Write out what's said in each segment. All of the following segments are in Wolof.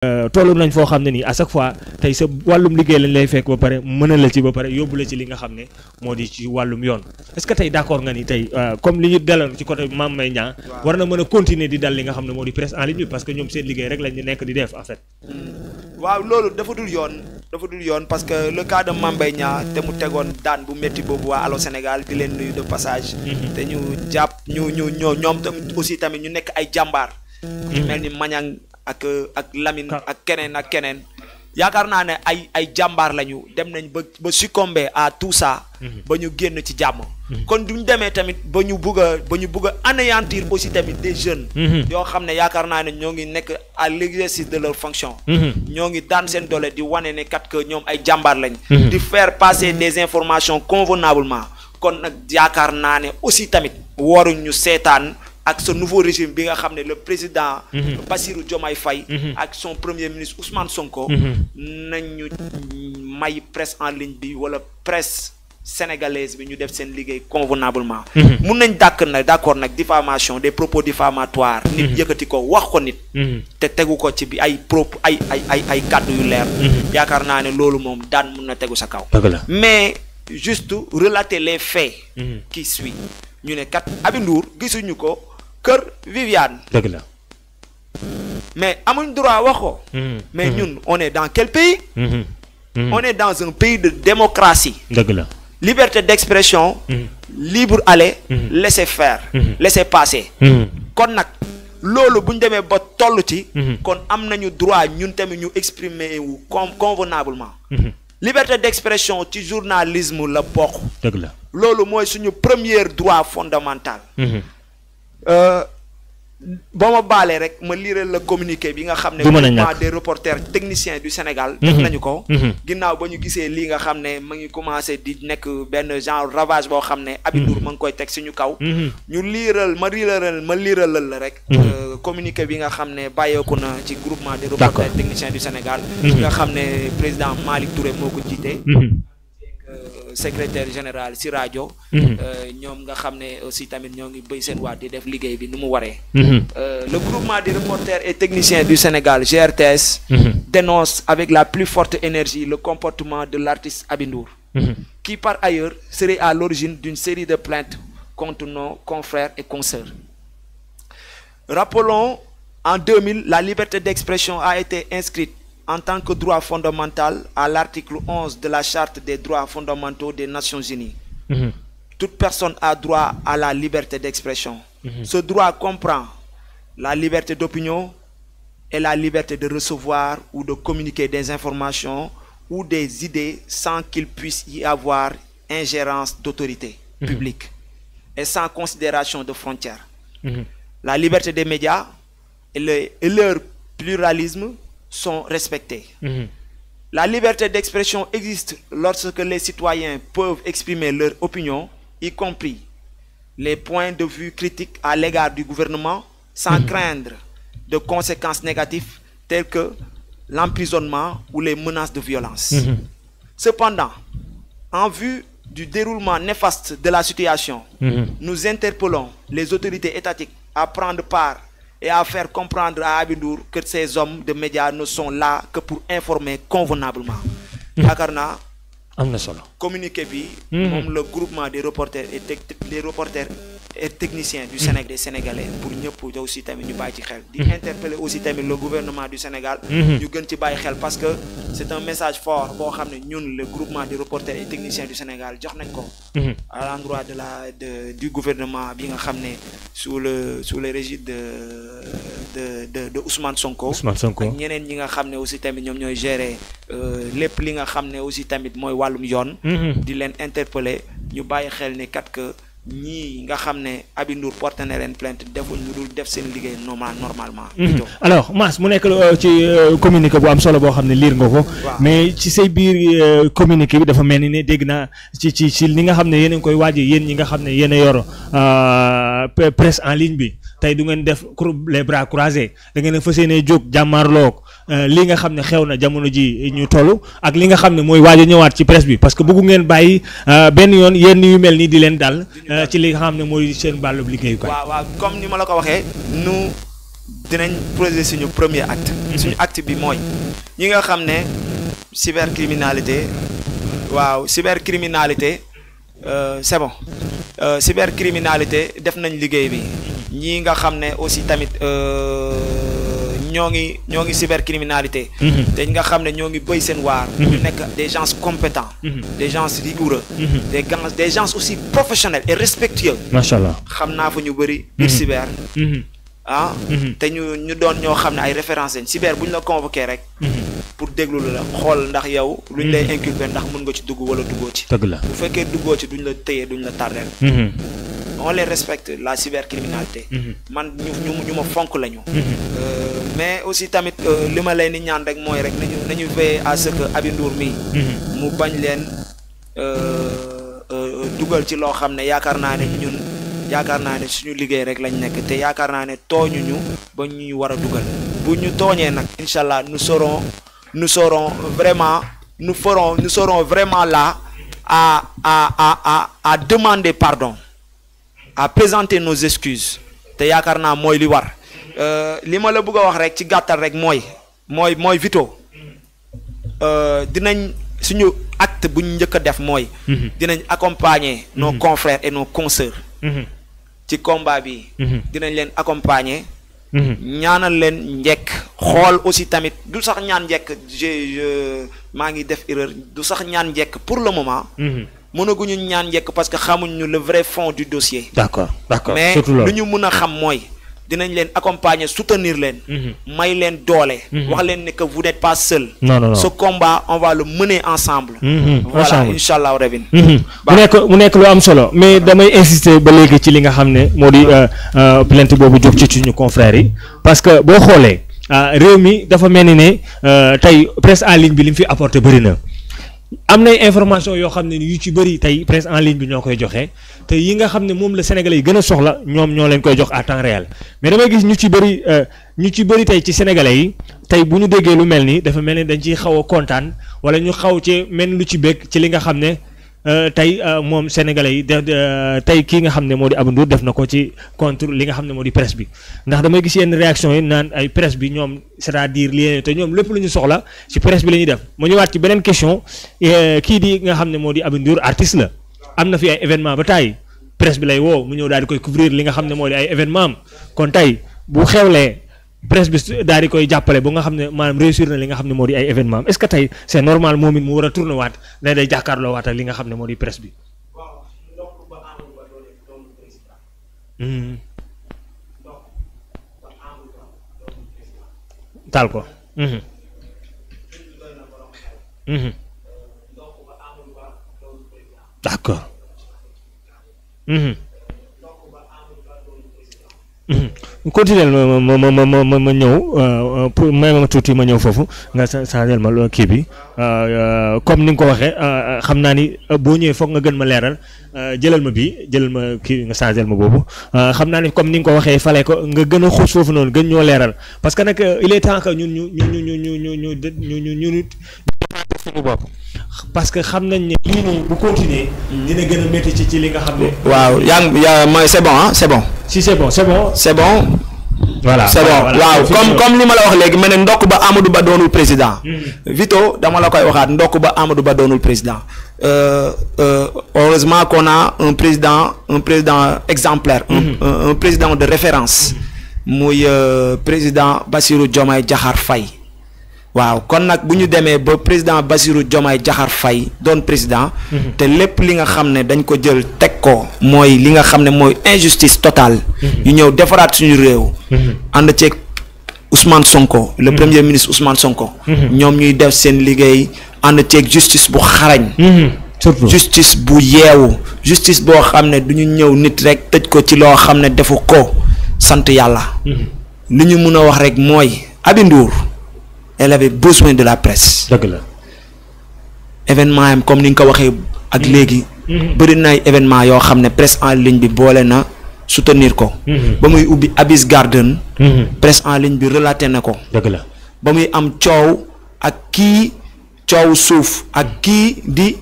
Euh, tollu nañ foo xam ne nii à chaque fois tey sa wàllum liggéey lañ lay fekk ba pare mën a la ci ba pare yóbbu la ci li nga xam ne moo di ci wàllum yoon est-ce que tey d'accord nga ni tey euh, comme li ñu daloon ci côté Mame Mbaye Niang war na mën a continuer di dal li nga xam ne moo di presse en ligne parce que ñoom seen liggéey rek lañ nekk di def en fait. waaw loolu dafa dul yoon parce que le cas de Mame te mu tegoon daan bu métti boobu waa Allô Sénégal mm-hmm. ñu jàpp ay jàmbaar. Mm-hmm. ak ak a ak keneen ak keneen yaakaar naa ne ay ay lañu dem nañ ba ba succomber à tout ça. Mhm. ba ñu génn ci jàmm. Mhm. kon duñ demee tamit ba ñu bugg a ba a anéantir aussi tamit des jeunes. Mhm. yoo xam ne yaakaar naa ne ñoo ngi nekk à l'exercice de leur fonction. ñoo ngi daan seen doole di wane ne kat que ñoom ay jàmbaar lañ. di faire passer des informations convenablement kon nag yaakaar naa ne aussi tamit waruñu seetaan. ak ce nouveau régime bi nga xam ne le président mhm. Bassirou Diomaye Faye mhm. ak son premier ministre Ousmane Sonko mhm. nañu may presse en ligne bi wala presse sénégalaise bi ñu def seen liggéey convenablement mun nañ dàkk na d'accord nag diffamation des propos diffamatoires nit yëkkati ko wax ko nit te tegu ko ci bi ay prop ay ay ay ay yu leer yaakaar naa ne loolu moom daan mun na tegu sa kaw mais juste relater les faits qui suit ñu ne kat Aby gisuñu ko kër Viviane. dëgg mais amuñ droit wax ko. Hmm. mais hmm. ñun on est dans quel pays. Hmm. on est dans un pays de démocratie. dëgg la. liberté d'expression. libre aller. laisser faire. laisser passer. kon nag loolu bu ñu demee ba toll ci. kon am nañu droit ñun tamit ñu exprimer wu con convenablement. liberté d'expression ci journalisme la bokk. dëgg loolu mooy suñu premier droit fondamental. Euh, boo ma baalee rek ma liiral la communiqué bi nga xam ne mouvement des reporters technicien du Sénégal def mm-hmm. nañu ko mm-hmm. ginnaaw ba ñu gisee lii nga xam ne ma ngi commencé di nekk benn genre ravage boo xam ne Habib mm-hmm. ma ngi koy teg suñu kaw ñu liiral ma liiralal ma liiral la rek euh, communiqué bi nga xam ne bàyyeeku na ci groupement des reporters techniciens du Sénégal nga xam ne président Malick Touré moo ko jiitee secrétaire général si rajo. Mhm. Euh, ñoom nga xam ne aussi tamit ñoo ngi béy seen waat di mhm. euh, le groupement des reporters et techniciens du Sénégal GRTS. Mhm. dénonce avec la plus forte énergie le comportement de l'artiste Abindour. qui par ailleurs serait à l'origine d'une série de plaintes contre confrères et consoeurs. Rappelons, en la liberté d'expression a été inscrite en tant que droit fondamental à l'article 11 de la Charte des droits fondamentaux des Nations Unies. Mmh. Toute personne a droit à la liberté d'expression. Mmh. Ce droit comprend la liberté d'opinion et la liberté de recevoir ou de communiquer des informations ou des idées sans qu'il puisse y avoir ingérence d'autorité mmh. publique et sans considération de frontières. Mm-hmm. La liberté des médias et leur pluralisme sont respectées. Mmh. La liberté d'expression existe lorsque les citoyens peuvent exprimer leur opinion, y compris les points de vue critiques à l'égard du gouvernement, sans mmh. craindre de conséquences négatives telles que l'emprisonnement ou les menaces de violence. Mmh. Cependant, en vue du déroulement néfaste de la situation, mmh. nous interpellons les autorités étatiques à prendre part et à faire comprendre à Abindour que ces hommes de médias ne sont là que pour informer convenablement. Hmm. yaakaar naa. am na solo communiqué bi. Hmm. moom le groupement des reporters et des reporters technicien du Sénégal des Sénégalais pour ñëpp aussi tamit ñu bàyyi ci xel di mhm. interpeller aussi tamit le gouvernement du Sénégal mhm. ñu gën ci bàyyi xel parce que c'est un message fort boo xam ne ñun le groupement des reporters et techniciens du Sénégal jox nañ ko mhm. à l'endroit de la de du gouvernement bi nga xam ne su le sous le régime de de de de Ousmane Sonko ak ñeneen ñi nga xam ne aussi tamit ñoom ñooy gérer euh, lépp li nga xam ne aussi tamit mooy wàllum yoon di ñii nga xam ne Aby Ndour porté na leen plainte defuñ lu dul def seen liggéey normal normalement. Mhm. alors Mass mu nekk euh, ci euh, communiqué bu am solo boo xam ne liir nga ko. mais ci say biir euh, communiqué bi dafa mel ni ne dégg naa ci ci ci li nga xam ne yéen a ngi koy waaj yéen ñi nga xam ne yéen a yor presse en ligne bi. tey du ngeen def les bras croisés da ngeen a fas yéenee jóg jàmmaarloog euh, li nga xam ne xew na jamono ji ñu toll ak li nga xam ne mooy waaj a ñëwaat ci presse bi parce que bëggu ngeen bàyyi euh, benn yoon yenn yu mel nii di leen dal euh, ci li nga xam ne mooy seen bàllub liggéey waaw waaw comme ni ma la ko waxee nu dinañ poser suñu premier acte. Mhm. suñu acte bi mooy ñi nga xam ne cybercriminalité waaw cybercriminalité c'est bon cybercriminalité def nañ liggéey bi. ñii nga xam ne aussi tamit euh, ñoo ngi ñoo ngi cybercriminalité. Mhm. te ñi nga xam ne ñoo ngi béy seen waar. Mhm. ñu nekk des gens compétents. Mhm. des gens rigoureux. des gens des gens aussi professionnels et respectueux. macha allah xam naa fa ñu bëri. biir cyber. ah. te ñu doon ñoo xam ne ay références lañ cyber bu ñu la convoqué rek. pour déglu la xool ndax yow. lu ñu lay inculper ndax mën nga ci dugg wala duggoo ci. dëgg la bu fekkee duggoo ci duñ la téye duñ la ta on les respecte la cybercriminalité mm-hmm. man ñu ñu ñu ma fonk la ñu mm-hmm. euh, mais aussi tamit euh, li ma leen di ñaan rek mooy rek nañu nañu veiller ce que Aby Ndour mii mm-hmm. mu bañ leen euh, dugal ci loo xam ne yaakaar naa ne ñun yaakaar naa ne suñu liggéey rek lañ nekk te yaakaar naa ne tooñu ñu ba ñu war a dugal bu ñu tooñee nag incha allah nous serons nous serons vraiment nous ferons nous serons vraiment la à à à à à demander pardon a présenter nos excuses te yaakaar naa mooy li war euh, li ma la bëgg a wax rek ci gàttal rek mooy mooy mooy Vito euh, dinañ suñu acte bu ñu njëkk a def mooy. Mhm. dinañ accompagner nos mhm. confrères et nos consoeurs. Mhm. ci combat bi. dinañ leen accompagner. ñaanal leen njekk xool aussi tamit du sax ñaan njekk je maa ngi def erreur du sax ñaan njekk pour le moment. mënaguñu ñaan njëkk parce que xamuñu le vrai fond du dossier. d'accord d'accord mais lu ñu mën a xam mooy. dinañ leen accompagner soutenir leen. Mhm. may leen doole. Mhm. wax leen ne que vous n'êtes pas seul. non non non ce combat on va le mener ensemble. Mhm. voilà incha allah rabin. mu nekk mu nekk lu am solo mais damay insister ba léegi ci li nga xam ne moo di euh, euh, plainte boobu jóg ci suñu confrères yi parce que boo xoolee ah, réew mi dafa mel ni ne euh, tey presse en ligne bi li mu fi apporté bëri na. am na information yoo xam ne yu ci bëri tey presse en ligne bi ñoo koy joxe te yi nga xam ne moom la sénégalais yi gën a soxla ñoom ñoo leen koy jox à temps réel mais damay gis ñu ci bëri euh, ñu ci bëri tey ci sénégalais yi tey bu ñu déggee lu mel nii dafa mel ni dañ ciy xaw a kontaan wala ñu xaw cee mel lu ci bëgg ci li nga xam ne Euh, tey euh, moom sénégalais yi def euh, tey kii nga xam ne moo di Abou Ndour def na ko ci contre li nga xam ne moo di presse bi ndax damay gis yenn réaction yi naan ay presse bi ñoom c'est-à-dire lien te ñoom lépp lu ñu soxla ci presse bi la ñuy def mu ñëwaat ci beneen question kii di nga xam ne moo di Abou Ndour artiste la am na fi ay événement ba tey presse bi lay woo mu ñëw daal di koy couvrir li nga xam ne moo di ay événement am kon tey bu xewlee presse bi daal di koy jàppale bu nga xam ne maanaam réussir na li nga xam ne moo di ay événement am est-ce que tey c'est normal moom it mu war a tourner waat ne day jàkkaarloo waat ak li nga xam ne moo di presse bi. Hmm. taal ko. Hmm. Hmm. d'accord. continuer ma ma ma ma ma ma ñëw pour may ma tuuti ma ñëw foofu nga changé ma kii bi comme ni nga ko waxee xam naa ni boo ñëwee foog nga gën ma leeral jëlal ma bii jëlal ma kii nga changé ma boobu xam naa ni comme ni nga ko waxee fale ko nga gën a xuus foofu noonu gën ñoo leeral parce que nag il est temps que ñun ñu ñu ñu ñu ñu ñu ñu ñu ñu ñu ñu ñu parce que xam nañ ne lii nii mm. gën a ci ci li nga xam ne. waaw yaa ngi yaa mooy c'est bon ah c'est bon. c'est bon voilà c'est bon waaw comme comme li ma la wax léegi ma ne ndokk ba Amadou Ba doonul président. Mm. Vito dama la koy waxaat ndokk ba amadu Ba doonul président euh, euh, heureusement qu'on a un président un président exemplaire. Mm-hmm. président de référence. Mm-hmm. muy euh, président basiru Diomaye Diakhar fay waaw kon nag bu ñu demee ba président basiru Diomaye Diakhar fay doon président. Mhm. te lépp li nga xam ne dañ ko jël teg ko. mooy li nga xam ne mooy injustice totale. yu mhm. ñëw defaraat suñu réew. Mhm. ànd ceeg Ousmane Sonko. le premier ministre Ousmane Sonko. ñoom ñuy def seen liggéey ànd ceeg justice bu xarañ. surtout justice bu yeewu justice boo xam ne du ñu ñëw nit rek tëj ko ci loo xam ne defu ko sant yàlla. li ñu mun a wax rek mooy Aby elle avait besoin de la presse. la événement am comme ni nga ko waxee ak léegi. Mhm. bëri na ay yoo xam ne presse en ligne bi boole na soutenir ko. Mhm. ba muy ubbi abis Garden. Mhm. presse en ligne bi relaté na ko. dëgg la ba muy am coow ak kii coow suuf ak kii di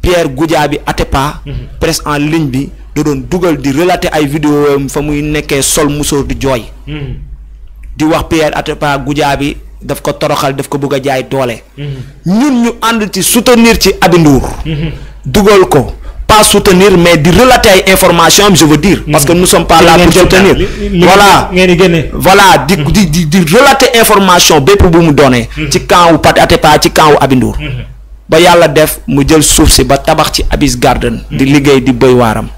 Pierre Goudiaby Atepa. presse en ligne bi da doon dugal di relaté ay vidéo fa muy nekkee sol musóor di jooy. di wax Pierre Atepa Goudiaby. daf ko toroxal daf ko bëgg a jaay doole. Mm-hmm. ñun ñu ànd ci soutenir ci Aby Ndour. Mm-hmm. dugal ko pas soutenir mais di relater ay information am je veux dire. parce que pas là mm-hmm. mu doonee. ci camp wu Pathé Atépa ci camp wu Aby Ndour. ba yàlla def jël suuf si ba tabax ci Abyss Garden. di liggéey di béy waaram.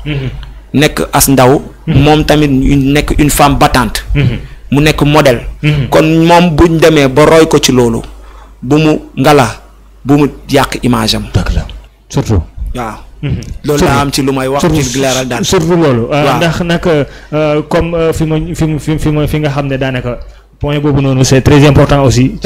nekk as ndaw. moom tamit nekk une femme battante. mu nekk modèle. Mhm. kon moom buñ demee ba roy ko ci loolu bu mu ngala bu mu yàq image am. surtout waaw. Mhm. loolu laa am ci lu may wax ci leeral daal surtout loolu. Euh, ndax nag euh, comme euh, fi ma fi fi ma fi nga xam ne daanaka point boobu noonu c'est très important aussi.